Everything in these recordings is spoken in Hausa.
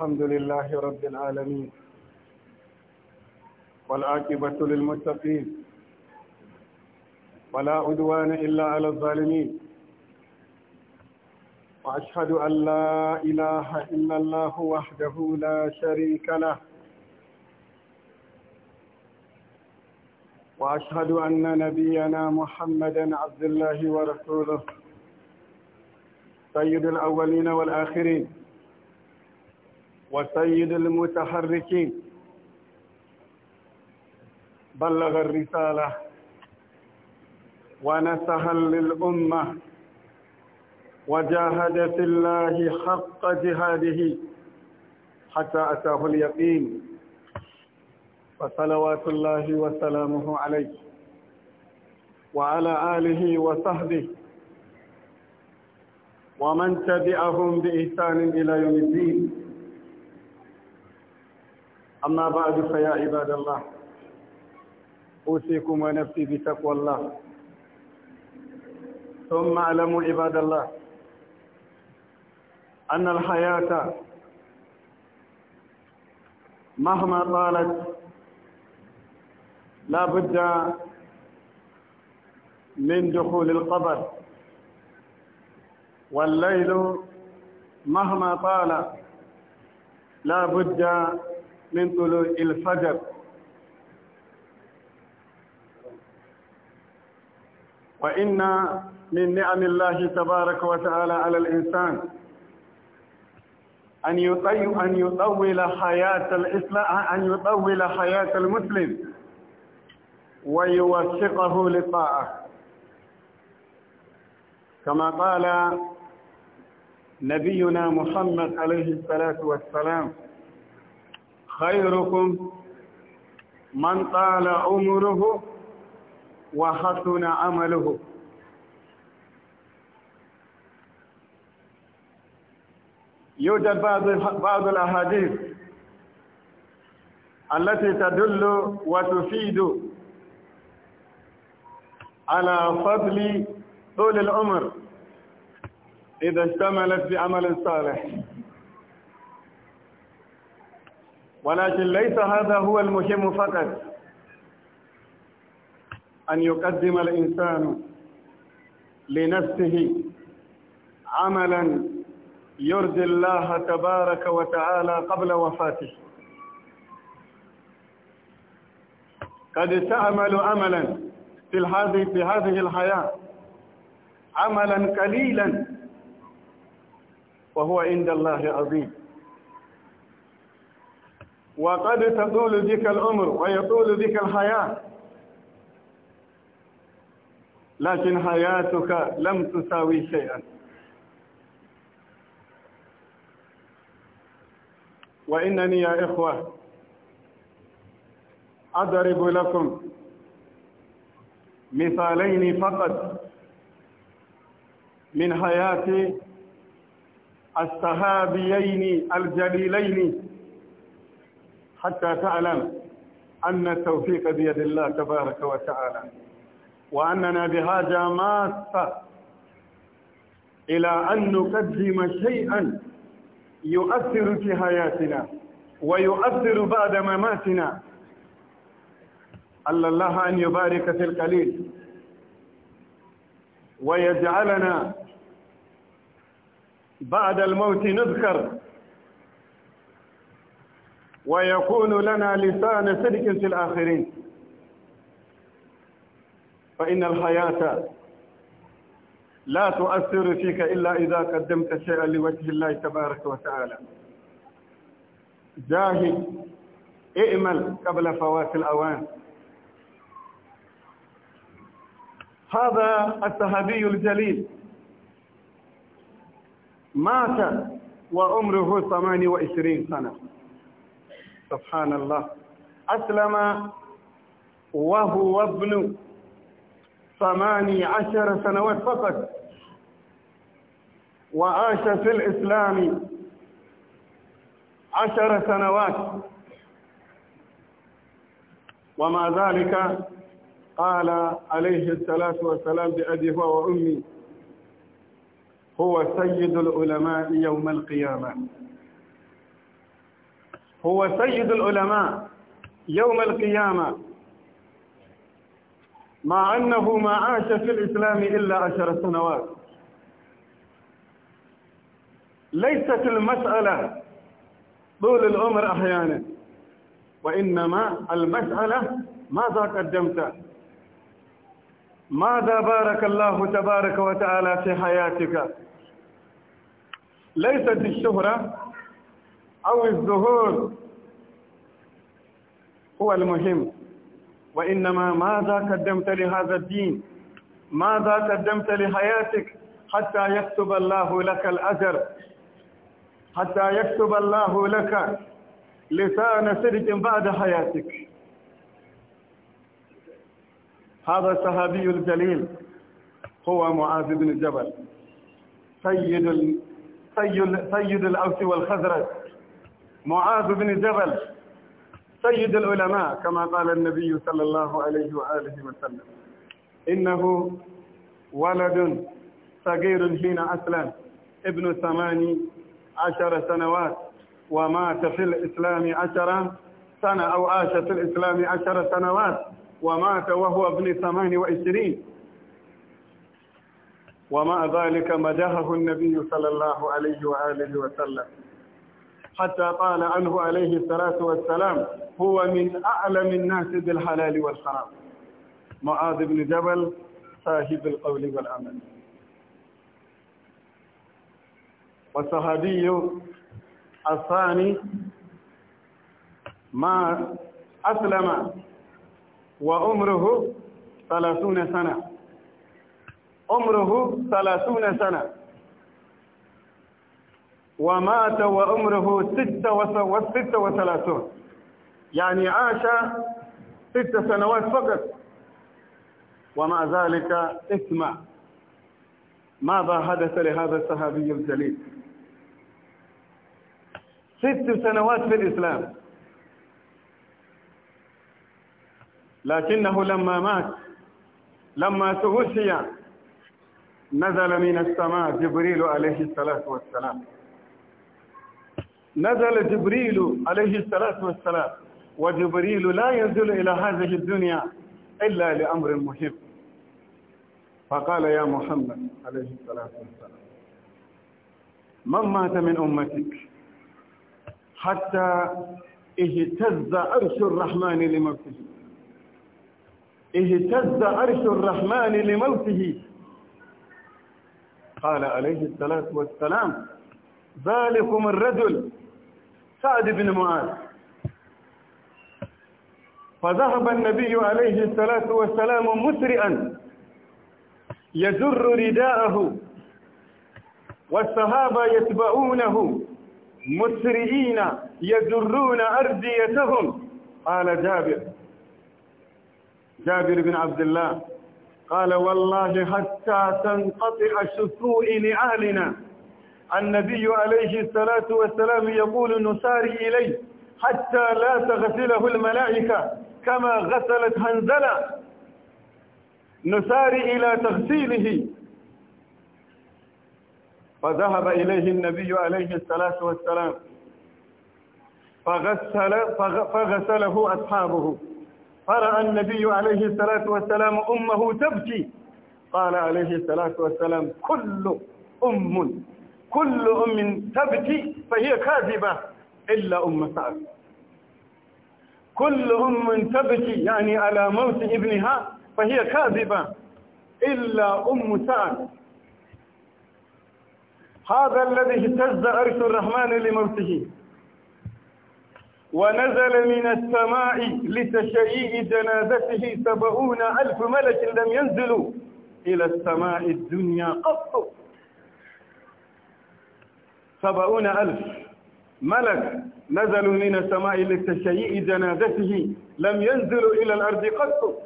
الحمد لله رب العالمين والعاقبة للمتقين ولا عدوان إلا على الظالمين وأشهد أن لا إله إلا الله وحده لا شريك له وأشهد أن نبينا محمدا عبد الله ورسوله سيد الأولين والآخرين وسيد المتحركين بلغ الرسالة ونسها للأمة وجاهد في الله حق جهاده حتى أتاه اليقين وصلوات الله وسلامه عليه وعلى آله وصحبه ومن تبعهم بإحسان إلى يوم الدين أما بعد فيا عباد الله أوصيكم ونفسي بتقوى الله ثم اعلموا عباد الله أن الحياة مهما طالت لا بد من دخول القبر والليل مهما طال لا بد من طلوع الفجر وإن من نعم الله تبارك وتعالى على الإنسان أن أن يطول حياة الإسلام أن يطول حياة المسلم ويوثقه للطاعة كما قال نبينا محمد عليه الصلاة والسلام خيركم من طال عمره وحسن عمله يوجد بعض بعض الاحاديث التي تدل وتفيد على فضل طول العمر إذا اشتملت بعمل صالح ولكن ليس هذا هو المهم فقط أن يقدم الإنسان لنفسه عملا يرضي الله تبارك وتعالى قبل وفاته قد تعمل عملا في هذه في هذه الحياة عملا قليلا وهو عند الله عظيم وقد تطول بك العمر ويطول بك الحياة لكن حياتك لم تساوي شيئا وإنني يا إخوة أضرب لكم مثالين فقط من حياة الصحابيين الجليلين حتى تعلم أن التوفيق بيد الله تبارك وتعالى وأننا بحاجة ماسة إلى أن نقدم شيئا يؤثر في حياتنا ويؤثر بعد مماتنا ألا الله أن يبارك في القليل ويجعلنا بعد الموت نذكر ويكون لنا لسان صدق في الآخرين فإن الحياة لا تؤثر فيك إلا إذا قدمت شيئا لوجه الله تبارك وتعالى جاهد اعمل قبل فوات الأوان هذا الصحابي الجليل مات وعمره 28 سنة سبحان الله أسلم وهو ابن ثماني عشر سنوات فقط وعاش في الإسلام عشر سنوات ومع ذلك قال عليه الصلاة والسلام بأبي هو وأمي هو سيد العلماء يوم القيامة هو سيد العلماء يوم القيامة مع أنه ما عاش في الإسلام إلا عشر سنوات ليست المسألة طول العمر أحيانا وإنما المسألة ماذا قدمت ماذا بارك الله تبارك وتعالى في حياتك ليست الشهرة أو الزهور هو المهم وإنما ماذا قدمت لهذا الدين ماذا قدمت لحياتك حتى يكتب الله لك الأجر حتى يكتب الله لك لسان سرك بعد حياتك هذا الصحابي الجليل هو معاذ بن جبل سيد ال... سيد, سيد الأوس والخزرج معاذ بن جبل سيد العلماء كما قال النبي صلى الله عليه وآله وسلم إنه ولد صغير حين أسلم ابن ثماني عشر سنوات ومات في الإسلام عشر سنة أو عاش في الإسلام عشر سنوات ومات وهو ابن ثماني وعشرين ومع ذلك مدحه النبي صلى الله عليه وآله وسلم حتى قال عنه عليه الصلاة والسلام هو من أعلم الناس بالحلال والحرام معاذ بن جبل صاحب القول والعمل والصحابي الثاني ما أسلم وعمره ثلاثون سنة عمره ثلاثون سنة ومات وعمره ستة وستة وثلاثون يعني عاش ست سنوات فقط ومع ذلك اسمع ماذا حدث لهذا الصحابي الجليل ست سنوات في الإسلام لكنه لما مات لما تغشي نزل من السماء جبريل عليه الصلاة والسلام نزل جبريل عليه الصلاة والسلام وجبريل لا ينزل إلى هذه الدنيا إلا لأمر مهم فقال يا محمد عليه الصلاة والسلام من مات من أمتك حتى اهتز عرش الرحمن لموته اهتز عرش الرحمن لموته قال عليه الصلاة والسلام ذلكم الرجل سعد بن معاذ فذهب النبي عليه الصلاة والسلام مسرعا يجر رداءه والصحابة يتبعونه مسرعين يجرون أرديتهم قال جابر جابر بن عبد الله قال والله حتى تنقطع شسوء لأهلنا النبي عليه الصلاة والسلام يقول نساري إليه حتى لا تغسله الملائكة كما غسلت هنزلة نساري إلى تغسيله فذهب إليه النبي عليه الصلاة والسلام فغسل فغسله أصحابه فرأى النبي عليه الصلاة والسلام أمه تبكي قال عليه الصلاة والسلام كل أم كل أم تبكي فهي كاذبة إلا أم سعد كل أم تبكي يعني على موت ابنها فهي كاذبة إلا أم سعد هذا الذي اهتز أرش الرحمن لموته ونزل من السماء لتشييء جنازته سبعون ألف ملك لم ينزلوا إلى السماء الدنيا قط سبعون ألف ملك نزلوا من السماء لتشييء جنازته لم ينزلوا إلى الأرض قط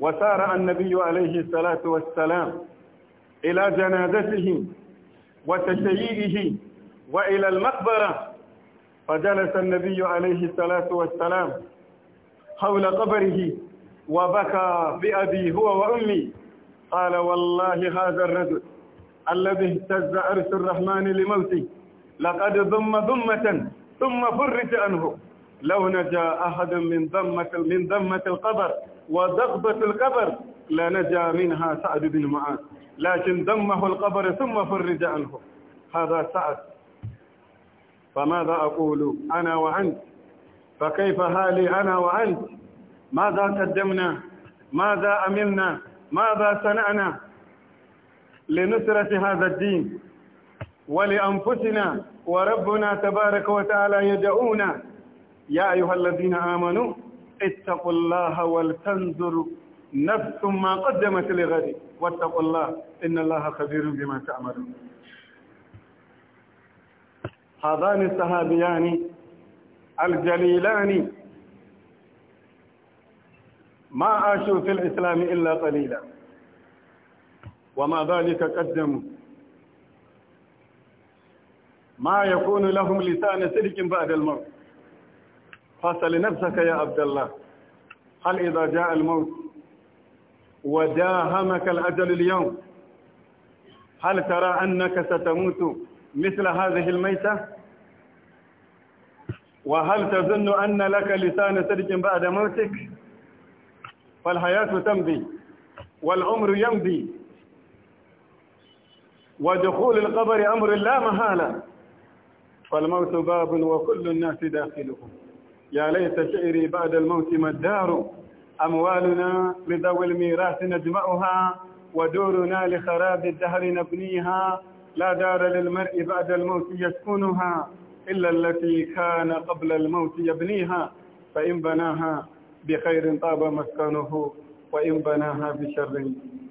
وسار النبي عليه الصلاة والسلام إلى جنازته وتشييئه وإلى المقبرة فجلس النبي عليه الصلاة والسلام حول قبره وبكى بأبي هو وأمي قال والله هذا الرجل الذي اهتز عرش الرحمن لموته لقد ضم ضمة ثم فرج عنه لو نجا أحد من ضمة من ضمة القبر وضغبة القبر لنجا منها سعد بن معاذ لكن ضمه القبر ثم فرج عنه هذا سعد فماذا أقول أنا وأنت فكيف حالي أنا وأنت ماذا قدمنا ماذا أملنا ماذا صنعنا لنصرة هذا الدين ولأنفسنا وربنا تبارك وتعالى يدعونا يا أيها الذين آمنوا اتقوا الله ولتنظر نفس ما قدمت لغد واتقوا الله إن الله خبير بما تعملون هذان الصحابيان الجليلان ما عاشوا في الإسلام إلا قليلا وما ذلك قدموا ما يكون لهم لسان سلك بعد الموت فاسأل نفسك يا عبد الله هل إذا جاء الموت وداهمك الأجل اليوم هل ترى أنك ستموت مثل هذه الميتة وهل تظن أن لك لسان سلك بعد موتك فالحياة تمضي والعمر يمضي ودخول القبر أمر لا مهالة فالموت باب وكل الناس داخله يا ليت شعري بعد الموت ما الدار أموالنا لذوي الميراث نجمعها ودورنا لخراب الدهر نبنيها لا دار للمرء بعد الموت يسكنها إلا التي كان قبل الموت يبنيها فإن بناها بخير طاب مسكنه وإن بناها بشر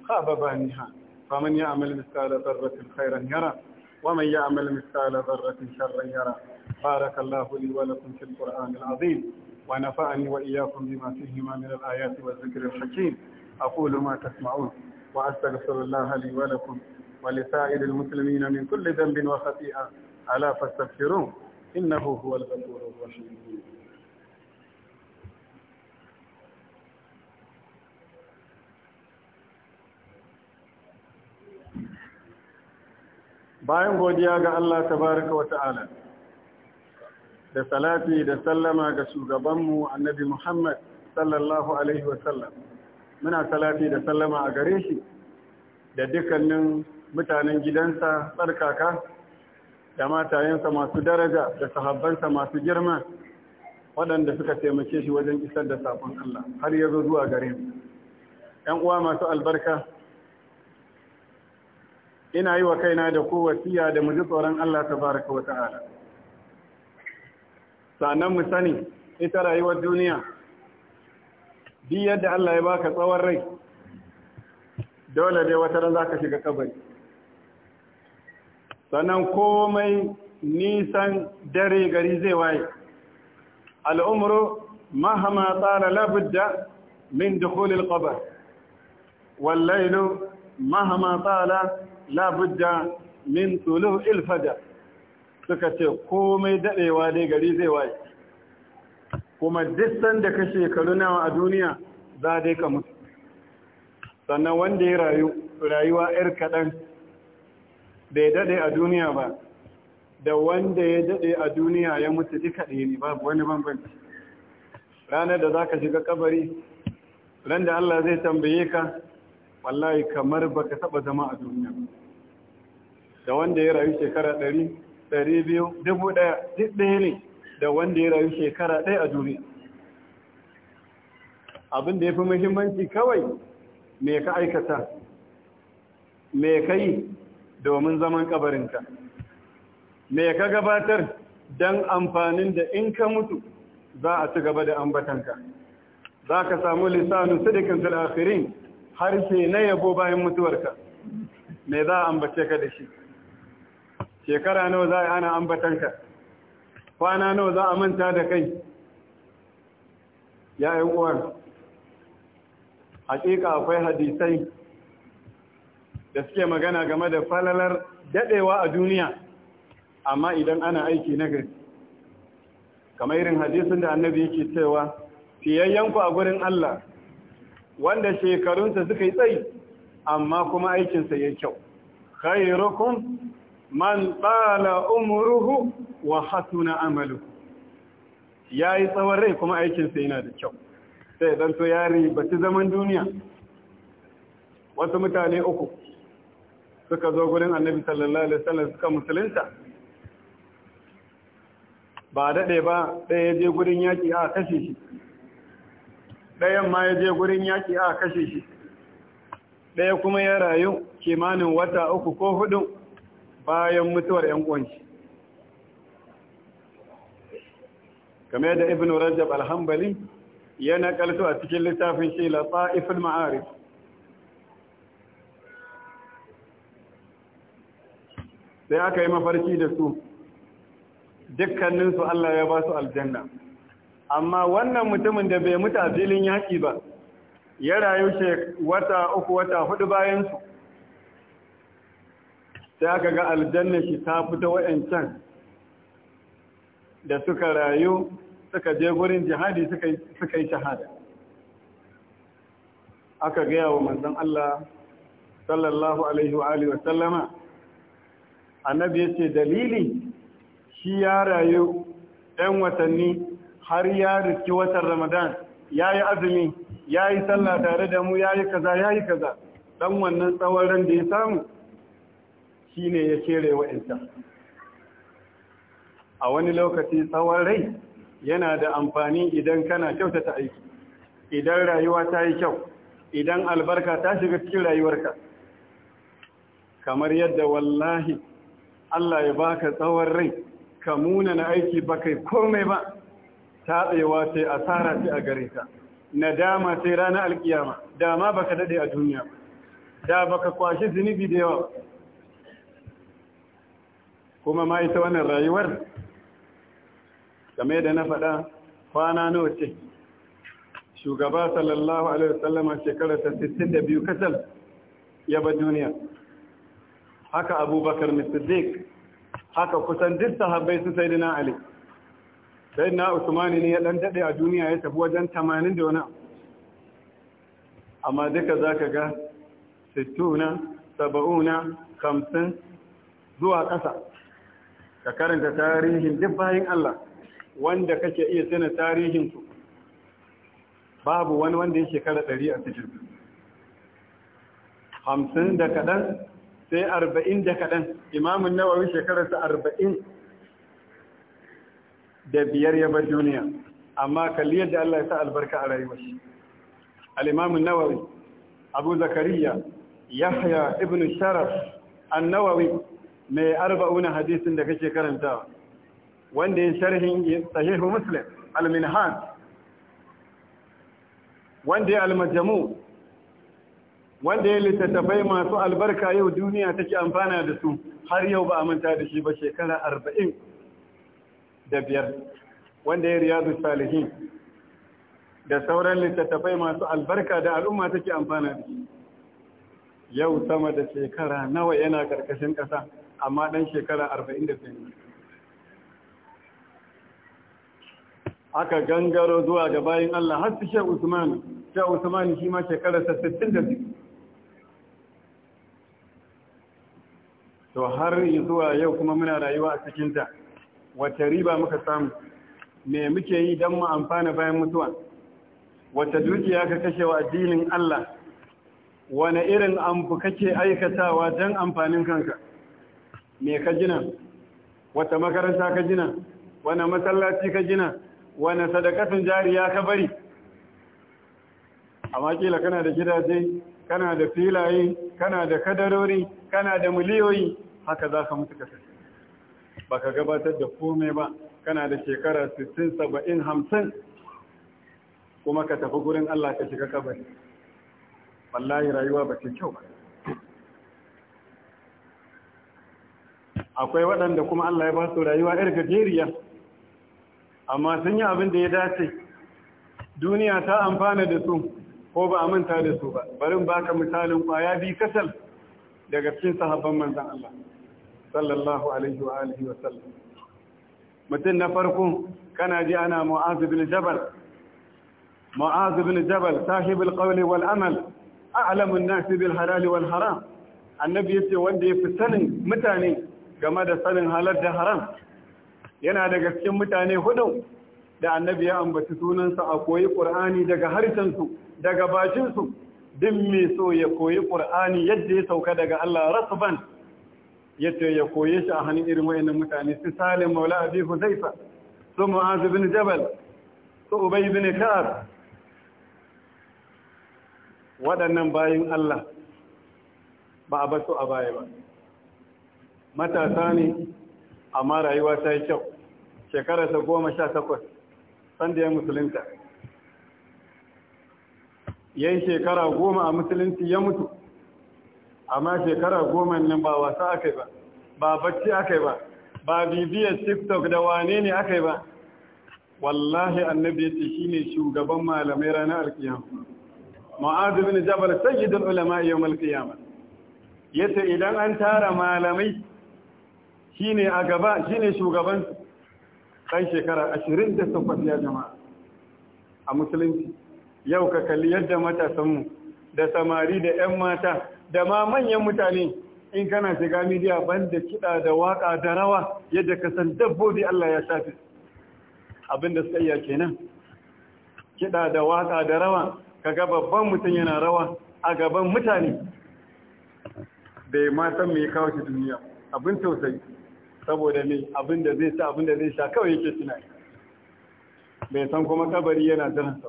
خاب بانها فمن يعمل مثقال ذرة خيرا يرى ومن يعمل مثقال ذرة شرا يرى بارك الله لي ولكم في القرآن العظيم ونفعني وإياكم بما فيهما من الآيات والذكر الحكيم أقول ما تسمعون وأستغفر الله لي ولكم ولسائر المسلمين من كل ذنب وخطيئة ألا فاستغفروه إنه هو الغفور الرحيم bayan godiya ga Allah tabaraka wata'ala da salafi da sallama ga shugabanmu annabi Muhammad sallallahu alaihi wasallam muna salafi da sallama a gare shi da dukkanin mutanen gidansa tsarkaka da matayensa masu daraja da sahabbansa masu girma waɗanda suka taimake shi wajen isar da sabon Allah har ya zo zuwa gare mu ‘yan uwa masu albarka ina yi wa kaina da ku wasiya da muji tsoron Allah tabaraka wa ta'ala sannan mu sani ita rayuwar duniya Bi yadda Allah ya baka tsawon rai dole dai wata ran zaka shiga kabari sannan komai nisan dare gari zai waye al'umru mahama tsara labudda min dukhulil qabr wal laylu mahama tsara labudda min tuluhu ilfada suka ce komai daɗewa dai gari zai waye kuma distan da ka shekaru nawa a duniya za dai ka mutu sannan wanda ya rayu rayuwa 'yar kaɗan bai daɗe a duniya ba da wanda ya daɗe a duniya ya mutu duka ɗaya ne babu wani bambanci ranar da za ka shiga kabari ran da Allah zai tambaye ka wallahi kamar baka taɓa zama a duniya ba da wanda ya rayu shekara ɗari ɗari biyu dubu ɗaya duk ɗaya ne da wanda ya rayu shekara ɗaya a duniya abin da ya fi muhimmanci kawai me ka aikata me ka yi domin zaman kabarinka me ka gabatar don amfanin da in ka mutu za a ci gaba da ambatanka za ka samu lissanu sidikin fil'afirin harshe na yabo bayan mutuwarka me za a ambace ka da shi shekara nawa za a ana ambatanka kwana nawa za a manta da kai ya yi uwar? hakika akwai hadisai da suke magana game da falalar dadewa a duniya amma idan ana aiki na gari kamar irin hadisin da annabi yake cewa fiyayyanku a gurin Allah wanda shekarunsa suka yi tsayi amma kuma aikinsa ya kyau khairukum man tsala umruhu wa hasuna amalu yi tsawon rai kuma aikinsa yana da kyau sai zan yari bata zaman duniya wasu mutane uku suka zo gurin annabi sallallahu alaihi wasallam suka musulunta ba daɗe ba ɗaya je gurin yaƙi a kashe shi ɗayan ma ya je gurin yaƙi a kashe shi ɗaya kuma ya rayu kimanin wata uku ko hudun. bayan mutuwar ‘yan uwanshi. Kame da Ibn Rajab alhambali ya nakalto a cikin littafin shi tsaifin ma'arif. Sai aka yi mafarki da su, dukkaninsu Allah ya ba su aljanna. Amma wannan mutumin da bai mutu a filin yaƙi ba, ya rayu wata uku wata hudu bayansu. sai aka ga aljanna shi ta fita wa'ancan da suka rayu suka je gurin jihadi suka yi shahada aka gaya wa manzan Allah sallallahu alaihi wa alihi wa sallama annabi ya ce dalili shi ya rayu ɗan watanni har ya riski watan ramadan ya yi azumi ya yi sallah tare da mu ya yi kaza ya yi kaza ɗan wannan tsawon da ya samu ne ya kere wa'ancan a wani lokaci tsawon rai yana da amfani idan kana kyautata aiki idan rayuwa ta yi kyau idan albarka ta shiga cikin rayuwarka kamar yadda wallahi Allah ya baka tsawon rai ka muna na aiki ba kai komai ba tatsewa sai asara sai a gare ta nadama sai ranar alkiyama dama baka daɗe a duniya ba. da baka kwashi zunubi da yawa kuma ma ita wannan rayuwar game da na faɗa kwana nawa ce shugaba sallallahu alaihi wasallama shekara ta 62 kasal ya ba duniya haka abubakar siddiq haka kusan duk sahabbai su sai dina ali sai na usmani ne ya dan dade a duniya ya tafi wajen 80 da wani amma duka zaka ga 60 na 70 na 50 zuwa ƙasa ka karanta tarihin duk bayan Allah wanda kake iya sanin su babu wani wanda ya kara ɗari a cikin hamsin da kaɗan sai arba'in da kaɗan imamun nawawi shekararsa arba'in da biyar ya bar duniya amma kalli yadda Allah ya sa albarka a rayuwar shi al-imamun nawawi abu zakariya yahya ibn sharaf an-nawawi mai arba'una hadisin da kake karantawa wanda ya sharhin sahihu muslim al-minhaj wanda ya al-majmu wanda ya littattafai masu albarka yau duniya take amfana da su har yau ba a manta da shi ba shekara arba'in da biyar wanda ya riyadu salihin da sauran littattafai masu albarka da al'umma take amfana da shi yau sama da shekara nawa yana ƙarƙashin ƙasa amma dan shekara 42 aka gangaro zuwa ga bayin Allah har su Sheikh Usman Sheikh Usman shi ma shekara 66 to har zuwa yau kuma muna rayuwa a cikin ta riba muka samu me muke yi don mu amfana bayan mutuwa wata dukiya ka kashe wa addinin Allah wane irin amfu ke aikatawa don amfanin kanka me ka gina wata makaranta ka gina wani masallaci ka gina wani jari jariya ka bari amma kila kana da gidaje kana da filaye kana da kadarori kana da miliyoyi haka za ka mutu kasar ba ka gabatar da kome ba kana da shekara 60 70 50 kuma ka tafi gurin Allah ka shiga kabari wallahi rayuwa ba ce kyau ba akwai waɗanda kuma Allah ya ba su rayuwa yar gajeriya amma sun yi abin da ya dace duniya ta amfana da su ko ba a manta da su ba barin baka misalin kwaya bi kasal daga cikin sahabban manzan Allah sallallahu alaihi wa alihi wa sallam mutum na farko kana ji ana mu'az bin jabal mu'az bin jabal sahib alqawl wal amal a'lamu an-nas bil halal wal haram annabi yace wanda ya fi sanin mutane game da sanin halar da haram yana daga cikin mutane hudu da annabi ya ambaci sunansa a koyi ƙur'ani daga harshensu daga bakinsu din mai so ya koyi ƙur'ani yadda ya sauka daga Allah rasuban ya ce ya koye shi a hannun irin wayannan mutane su salim maula abi huzaifa su mu'az bin jabal su ubay bin ka'ab waɗannan bayin Allah ba a basu a baya ba matasa ne amma rayuwa ta yi kyau shekararsa goma sha takwas sanda ya musulunta ya yi shekara goma a musulunci ya mutu amma shekara goma nan ba wasa aka ba ba bacci aka ba ba bibiyar tiktok da wane ne aka ba wallahi annabi ya ce shi ne shugaban malamai ranar alkiyama ma'adu bin jabal sayyidul ulama yawm alkiyama yace idan an tara malamai shine a gaba shine shugaban kan shekara 28 ya jama'a a musulunci yau ka kalli yadda matasanmu da samari da 'yan mata da ma manyan mutane in kana shiga midiya banda kiɗa da waƙa da rawa yadda ka san dabbobi Allah ya shafi abinda suka iya kenan kiɗa da waƙa da rawa kaga babban mutum yana rawa a gaban mutane bai ma san me kawo shi duniya abin tausayi saboda mai abin da zai sa abin da zai sha kawai yake tunani bai san kuma kabari yana sa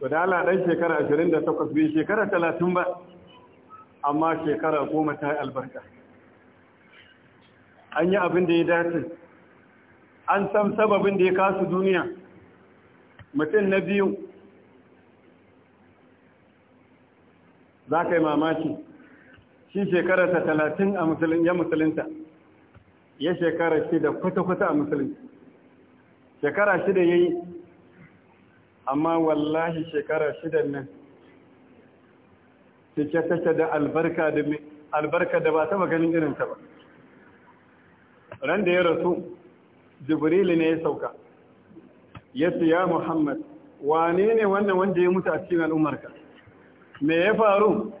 ba da ala ɗan shekara 28 bai shekara 30 ba amma shekara goma ta yi albarka an yi abin da ya dace an san sababin da ya kasu duniya mutum na biyu za ka yi mamaki shi shekararsa talatin a musulun ya musulunta ya shekara shida kwata-kwata a musulunta shekara shida ya yi amma wallahi shekara shidan nan cike take da albarka da albarka da ba taba ganin irinta ba ran da ya rasu jibrilu ne ya sauka ya ya muhammad wane ne wannan wanda ya mutu a cikin al'ummarka me ya faru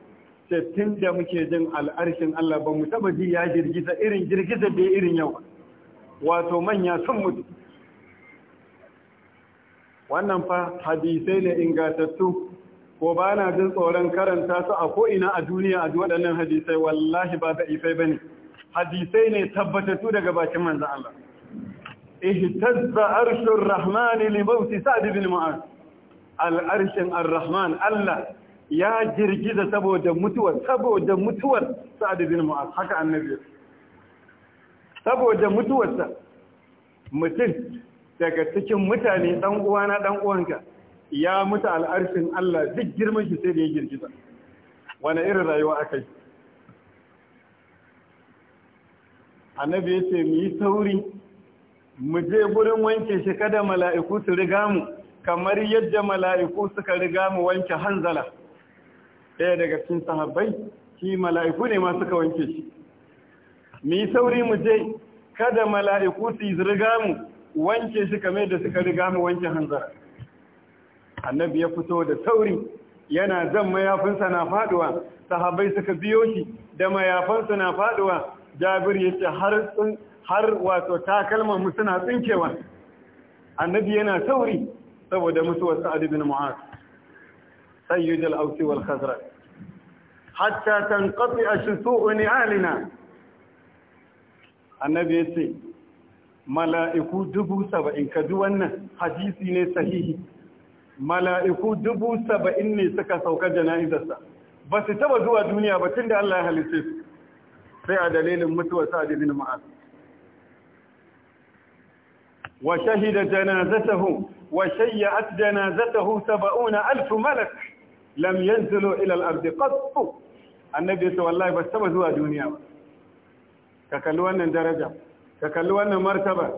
tun da muke jin al'arshin Allah ba mu taba ji ya girgiza irin girgiza da irin yau wato manya sun mutu wannan fa hadisai ne ingatattu ko ba na jin tsoron karanta su a ko'ina a duniya a waɗannan hadisai wallahi ba da ifai ba ne hadisai ne tabbatattu daga bakin manzan Allah ihtazza arshur rahmani li mauti sa'd ibn mu'az al arshin ar-rahman Allah ya girgiza saboda mutuwar saboda mutuwar sa'ad bin mu'az haka annabi saboda mutuwarsa mutum daga cikin mutane dan uwana dan uwanka ya mutu al'arshin Allah duk girman shi sai da ya girgiza wani irin rayuwa aka yi annabi ya ce mu yi sauri mu je gurin wanke shi kada mala'iku su riga mu kamar yadda mala'iku suka riga mu wanke hanzala ɗaya daga cikin sahabbai shi mala'iku ne ma suka wanke shi mi sauri mu je kada mala'iku su yi riga mu wanke shi kame da suka riga mu wanke hanzara annabi ya fito da sauri yana zan mayafinsa na faduwa sahabbai suka biyo shi da mayafinsa na faduwa jabir ya ce har wato takalman mu suna tsinkewa annabi yana sauri saboda musu wasu adibin mu'az سيد الأوس والخزرج حتى تنقطع شسوء نعالنا النبي يسي ملائك دبو سبا إن كدوان حديثي نسهيه ملائك دبو سبا إني سكا سوكا جنائزة بس تبا دوى دنيا بتند الله أهل السيس في دليل متوى سعد بن معاذ وشهد جنازته وشيعت جنازته سبعون ألف ملك lam yanzilu ila al-ardi qattu annabi sai wallahi ba taba zuwa duniya ba ka kalli wannan daraja ka kalli wannan martaba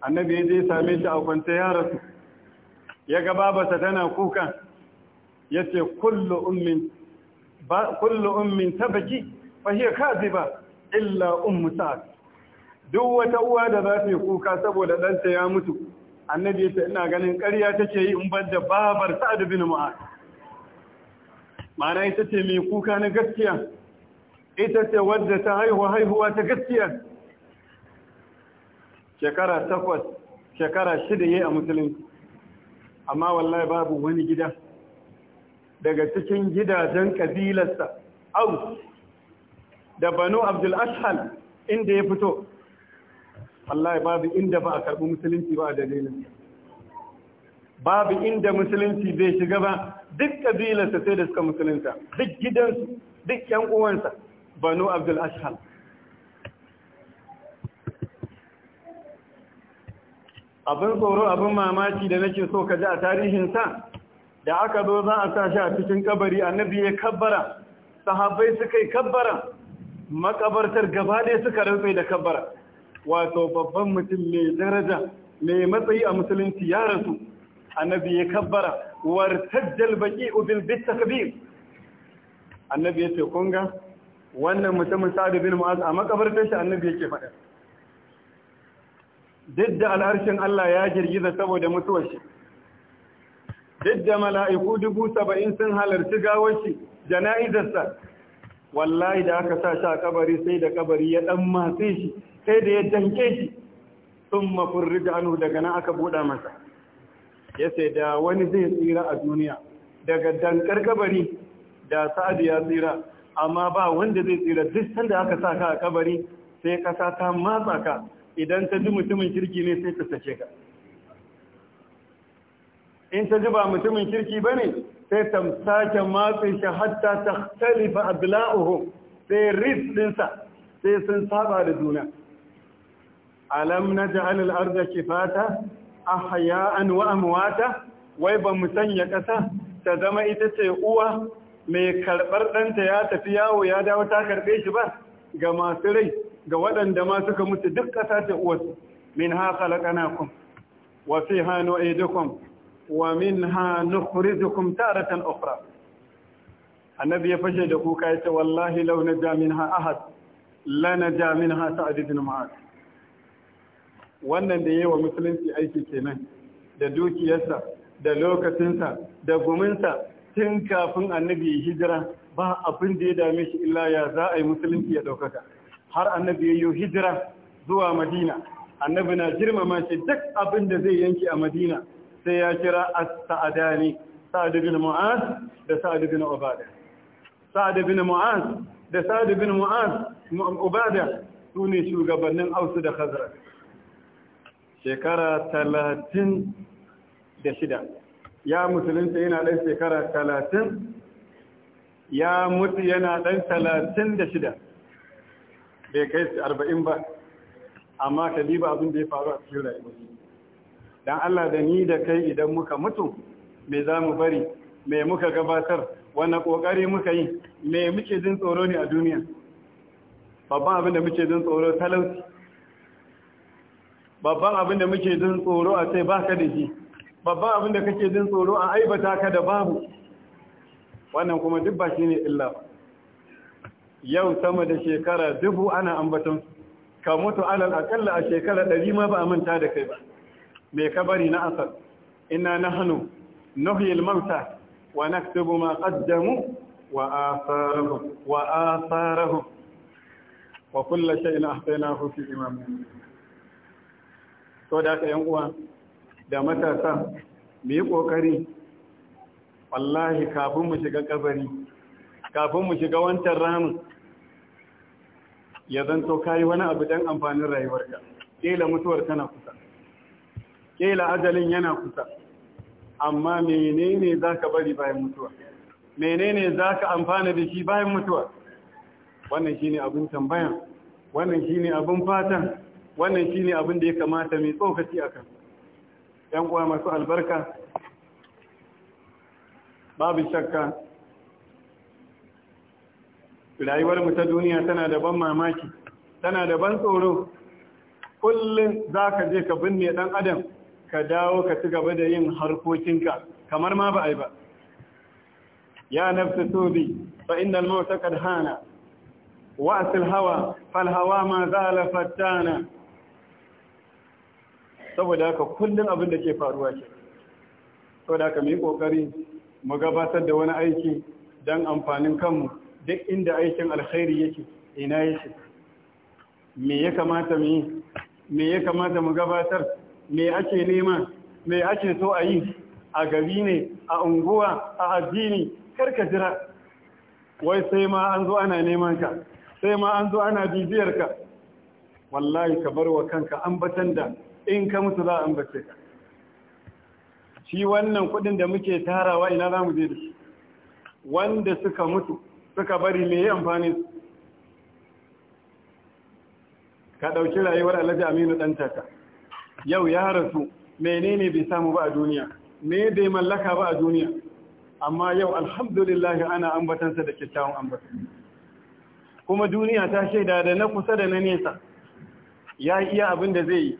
annabi ya je same shi a kwanta ya rasu ya ga babarsa tana kuka yace kullu ummin ba kullu ummin tabaki fa hiya kadhiba illa ummu sa'd duk wata uwa da za ta kuka saboda ɗanta ya mutu annabi ya ce ina ganin ƙarya take yi in bar da babar sa'ad bin mu'az ma'ana ita ce mai kuka na gaskiya ita ce wadda ta haihuwa haihuwa ta gaskiya shekara takwas shekara shida yi a musulunci amma wallahi babu wani gida daga cikin gidajen kabilarsa aus da banu abdul ashal inda ya fito wallahi babu inda ba a karɓi musulunci ba a dalilin babu inda musulunci zai shiga ba duk kabilarsa sai da suka musulunta duk gidansu duk yan uwansa banu abdul ashal abin tsoro abin mamaki da nake so ka ji a tarihin sa da aka zo za a sa shi a cikin kabari annabi ya kabbara sahabbai suka yi kabbara makabartar gaba ɗaya suka rantsa da kabbara wato babban mutum mai daraja mai matsayi a musulunci ya rasu annabi ya kabbara wartajjal baqi'u bil bitakbir annabi yace kunga wannan mutumin Sa'ad bin Mu'az a makabartar shi annabi yake faɗa duk da al'arshin Allah ya girgiza saboda mutuwar shi duk da mala'iku dubu saba'in sun halarci gawar shi jana'izarsa wallahi da aka sa shi a kabari sai da kabari ya dan matse shi sai da ya danke shi sun mafurri da anu daga nan aka buɗa masa ya sai da wani zai tsira a duniya daga dankar kabari da sa'ad ya tsira amma ba wanda zai tsira duk sanda aka sa ka a kabari sai kasa ta matsa ka idan ta ji mutumin kirki ne sai ta sace ka in ta ji ba mutumin kirki ba ne sai ta sake matsa shi hatta ta talifa adla'uhu sai ris dinsa sai sun saba da juna alam na ja'alil arda kifata ahya'an wa amwata wai ba mu sanya ƙasa ta zama ita ce uwa mai karɓar ɗanta ya tafi yawo ya dawo ta karɓe shi ba ga masu rai ga waɗanda ma suka mutu duk ƙasa ta uwarsu min ha khalaqnakum wa ha nu'idukum wa minha nukhrijukum taratan ukhra annabi ya fashe da kuka yace wallahi law naja ha ahad lana naja minha sa'id ibn mu'adh wannan da yi wa musulunci aiki kenan da dukiyarsa da lokacinsa da guminsa tun kafin annabi ya hijira ba abin da ya dame shi illa ya za a yi musulunci ya ɗaukaka har annabi ya yi hijira zuwa madina annabi na girmama shi duk abin da zai yanki a madina sai ya kira a saada ne sa'ad bin mu'az da sa'ad bin ubada sa'ad bin mu'az da sa'ad bin mu'az ubada sune shugabannin ausu da khazraj shekara talatin da shida ya musulunta yana ɗan shekara talatin ya mutu yana ɗan talatin da shida bai kai su arba'in ba amma ka diba abin da ya faru a cikin rayuwa don Allah da ni da kai idan muka mutu me za mu bari me muka gabatar wani ƙoƙari muka yi me muke jin tsoro ne a duniya babban abin da muke jin tsoro talauci babban abin da muke jin tsoro a sai baka da shi babban abin da kake jin tsoro a aibata ka da babu wannan kuma duk ba shine illa yau sama da shekara dubu ana ambaton ka mutu alal akalla a shekara ɗari ma ba a manta da kai ba mai kabari na asal ina na hannu nuhyil mauta wa naktubu ma qaddamu wa atharahum wa kulla wa kullu shay'in na fi imamin so da aka yan uwa da matasa mu yi kokari wallahi kafin mu shiga kabari kafin mu shiga wancan ramin ya zanto kayi wani abu don amfanin rayuwarka Ƙela mutuwar tana kusa Ƙela ajalin yana kusa amma menene za ka bari bayan mutuwa menene za ka amfana da shi bayan mutuwa wannan shine abin tambaya wannan shine abin fatan wannan shine abin da ya kamata mai tsokaci kan. yan uwa masu albarka babu shakka rayuwar mu ta duniya tana da ban mamaki tana da ban tsoro kullum za ka je ka binne ɗan adam ka dawo ka ci gaba da yin harkokinka kamar ma ba a yi ba ya nafsa tobi ba inda al ta hana wa asil hawa fal hawa ma zala na. saboda haka kullum abin da ke faruwa ke saboda haka mai kokari mu gabatar da wani aiki don amfanin kanmu duk inda aikin alkhairi yake ina yake me ya kamata mu yi me ya kamata mu gabatar me ake nema me ake so a yi a gari ne a unguwa a addini karka jira wai sai ma an zo ana neman ka sai ma an zo ana bibiyar ka wallahi ka bar wa kanka ambatan da in ka mutu za a ambace ka shi wannan kudin da muke tarawa ina za mu je da shi wanda suka mutu suka bari mai amfani su ka ɗauki rayuwar alhaji aminu ɗan taka yau ya rasu menene bai samu ba a duniya me bai mallaka ba a duniya amma yau alhamdulillah ana ambatansa da kyakkyawan ambata kuma duniya ta shaida da na kusa da na nesa ya iya abin da zai yi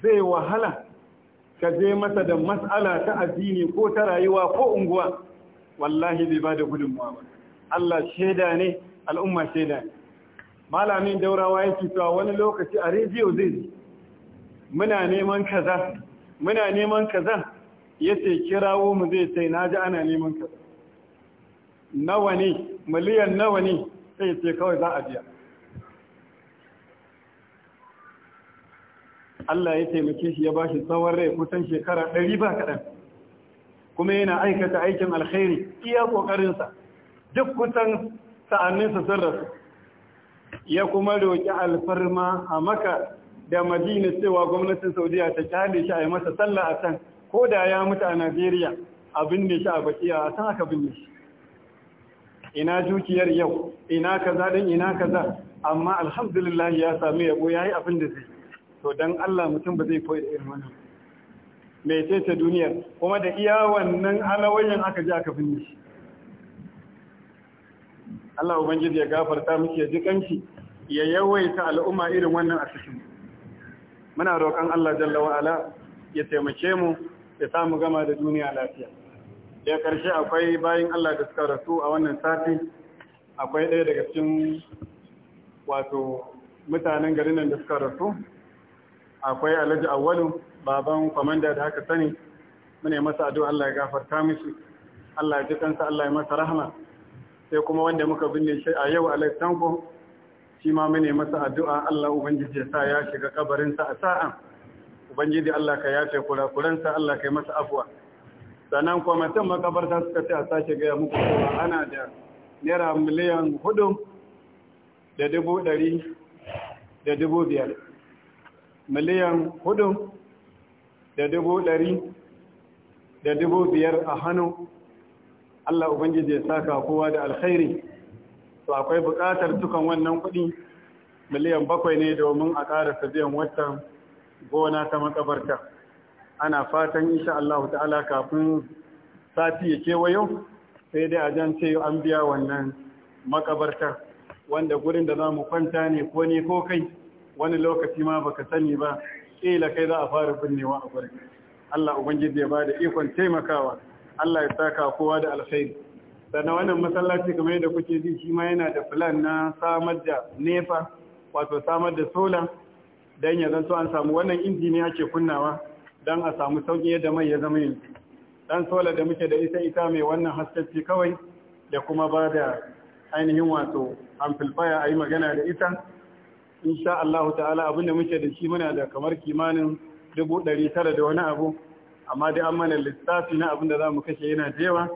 zai wahala ka je masa da matsala ta addini ko ta rayuwa ko unguwa wallahi bai ba da gudunmuwa ba Allah shaida ne al'umma shaida ne malamin daurawa yake cewa wani lokaci a rediyo zai ji muna neman kaza muna neman kaza yace kirawo mu zai sai naji ana neman kaza nawa ne miliyan nawa ne sai ce kawai za a biya Allah ya taimake shi ya ba shi tsawon rai kusan shekara ɗari ba kaɗan kuma yana aikata aikin alkhairi iya ƙoƙarinsa duk kusan sa'anninsa sun rasu ya kuma roƙi alfarma a maka da madina cewa gwamnatin saudiya ta kyale shi a yi masa sallah a can ko da ya mutu a najeriya abin da shi a bakiya a san aka binne shi ina dukiyar yau ina kaza ina kaza amma alhamdulillah ya sami yabo yayi abin da zai to dan Allah mutum ba zai koyi da irin wannan ce ta duniyar kuma da iya wannan alawayen aka ji aka binne shi Allah ubangiji ya gafarta miki ya ji kanshi ya yawaita al'umma irin wannan a cikin muna roƙon Allah jalla wa ala ya taimake mu ya samu gama da duniya lafiya da karshe akwai bayan Allah da suka rasu a wannan sati akwai ɗaya daga cikin wato mutanen garin nan da suka rasu akwai alhaji awwalu baban kwamanda da aka sani mune masa addu'a Allah ya gafarta mishi Allah ya ji kansa Allah ya masa rahama sai kuma wanda muka binne shi a yau alhaji tanko shi ma mune masa addu'a Allah ubangiji ya sa ya shiga kabarin a sa'a ubangiji Allah ka yafe kurakuran sa Allah ka yi masa afwa sannan kuma mutum makabarta suka ce a sake gaya muku cewa ana da naira miliyan hudu da dubu ɗari da dubu biyar miliyan hudu da dubu ɗari da dubu biyar a hannu Allah Ubangiji ya saka kowa da alkhairi to akwai buƙatar dukan wannan kuɗi miliyan bakwai ne domin a ƙara ƙarasa biyan watan gona ta makabarta ana fatan isha Allah ta'ala kafin sati ya kewayo sai dai a jan ce an biya wannan makabarta wanda gurin da za mu kwanta ne ko ne ko kai wani lokaci ma baka sani ba ƙila kai za a fara binnewa a gurbi. Allah ubangiji ya bada ikon taimakawa Allah ya saka kowa da alkhairi sannan wannan masallaci kamar yadda kuke ji shi ma yana da plan na samar da nefa wato samar da sola Don ya zanto an samu wannan inji ne ake kunnawa don a samu sauki yadda mai ya zama yanzu dan sola da muke da ita ita mai wannan haskacci kawai da kuma ba da ainihin wato amplifier a yi magana da ita insha Allah ta'ala abin da muke da shi muna da kamar kimanin dubu ɗari tara da wani abu amma dai an mana lissafi na abin da za mu kashe yana da yawa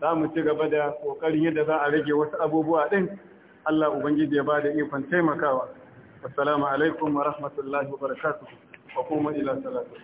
za mu ci gaba da ƙoƙarin yadda za a rage wasu abubuwa ɗin Allah Ubangiji ya bada da ikon taimakawa assalamu alaikum wa rahmatullahi wa barakatuh wa kuma ila salatu